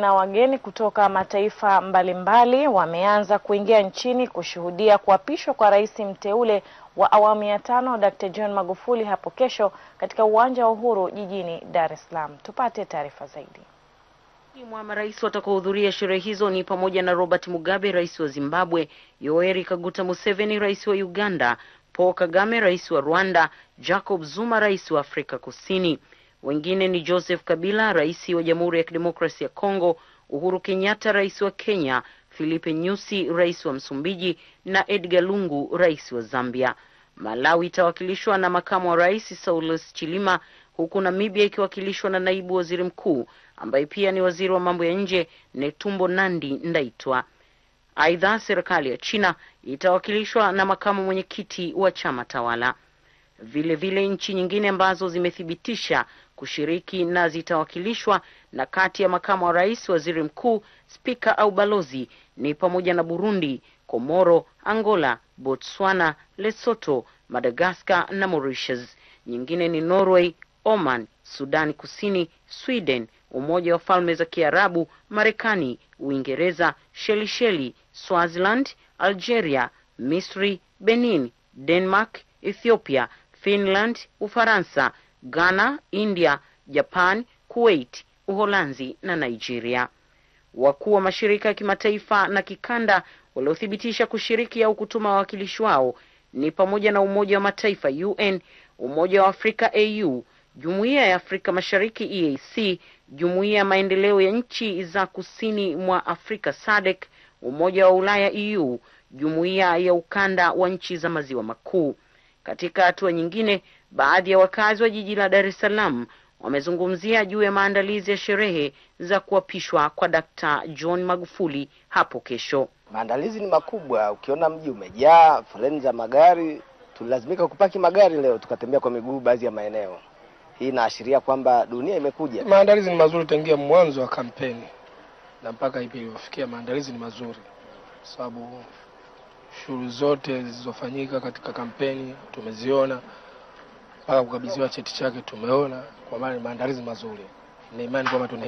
na wageni kutoka mataifa mbalimbali wameanza kuingia nchini kushuhudia kuapishwa kwa rais mteule wa awamu ya tano Dr. John Magufuli hapo kesho katika uwanja wa Uhuru jijini Dar es Salaam. Tupate taarifa zaidi. Mwa marais watakaohudhuria sherehe hizo ni pamoja na Robert Mugabe, rais wa Zimbabwe, Yoweri Kaguta Museveni, rais wa Uganda, Paul Kagame, rais wa Rwanda, Jacob Zuma, rais wa Afrika Kusini. Wengine ni Joseph Kabila, rais wa Jamhuri ya Kidemokrasi ya Kongo, Uhuru Kenyatta, rais wa Kenya, Filipe Nyusi, rais wa Msumbiji, na Edgar Lungu, rais wa Zambia. Malawi itawakilishwa na makamu wa rais Saulus Chilima, huku Namibia ikiwakilishwa na naibu waziri mkuu ambaye pia ni waziri wa mambo ya nje Netumbo Nandi Ndaitwa. Aidha, serikali ya China itawakilishwa na makamu mwenyekiti wa chama tawala. Vilevile vile nchi nyingine ambazo zimethibitisha kushiriki na zitawakilishwa na kati ya makamu wa rais, waziri mkuu, spika au balozi ni pamoja na Burundi, Komoro, Angola, Botswana, lesoto Madagaskar na Mauritius. Nyingine ni Norway, Oman, Sudani Kusini, Sweden, Umoja wa Falme za Kiarabu, Marekani, Uingereza, Shelisheli, Swaziland, Algeria, Misri, Benin, Denmark, Ethiopia Finland, Ufaransa, Ghana, India, Japan, Kuwait, Uholanzi na Nigeria. Wakuu wa mashirika ya kimataifa na kikanda waliothibitisha kushiriki au kutuma wawakilishi wao ni pamoja na Umoja wa Mataifa UN, Umoja wa Afrika AU, Jumuiya ya Afrika Mashariki EAC, Jumuiya ya Maendeleo ya Nchi za Kusini mwa Afrika SADC, Umoja wa Ulaya EU, Jumuiya ya Ukanda wa Nchi za Maziwa Makuu. Katika hatua nyingine, baadhi ya wakazi wa jiji la Dar es Salaam wamezungumzia juu ya maandalizi ya sherehe za kuapishwa kwa Dkt. John Magufuli hapo kesho. Maandalizi ni makubwa, ukiona mji umejaa, foleni za magari. Tulilazimika kupaki magari leo, tukatembea kwa miguu baadhi ya maeneo. Hii inaashiria kwamba dunia imekuja. Maandalizi ni mazuri tangia mwanzo wa kampeni na mpaka hivi ilivyofikia, maandalizi ni mazuri sababu Shughuli zote zilizofanyika katika kampeni tumeziona, mpaka kukabidhiwa cheti chake tumeona, kwa maana ni maandalizi mazuri. Nina imani kwamba tuna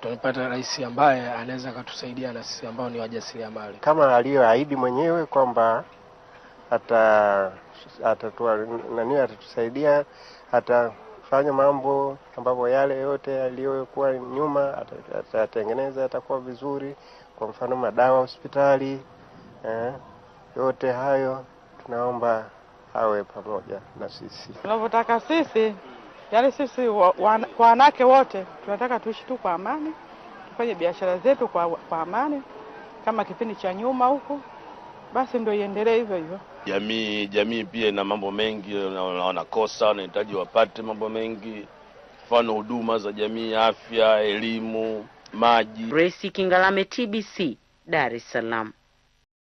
tunapata rais ambaye anaweza akatusaidia na sisi ambao ni wajasiriamali, kama aliyoahidi mwenyewe kwamba ata atatua nani atatusaidia, atafanya mambo ambapo yale yote yaliyokuwa nyuma atatengeneza, atakuwa vizuri. Kwa mfano madawa hospitali eh, yote hayo tunaomba awe pamoja na sisi tunavyotaka sisi, yani sisi kwa wanawake wote tunataka tuishi tu kwa amani, tufanye biashara zetu kwa, kwa amani kama kipindi cha nyuma huko, basi ndio iendelee hivyo hivyo. Jamii jamii pia ina mambo mengi wanakosa, wanahitaji wapate mambo mengi, mfano huduma za jamii, afya, elimu, maji. Grace Kingalame, TBC, Dar es Salaam.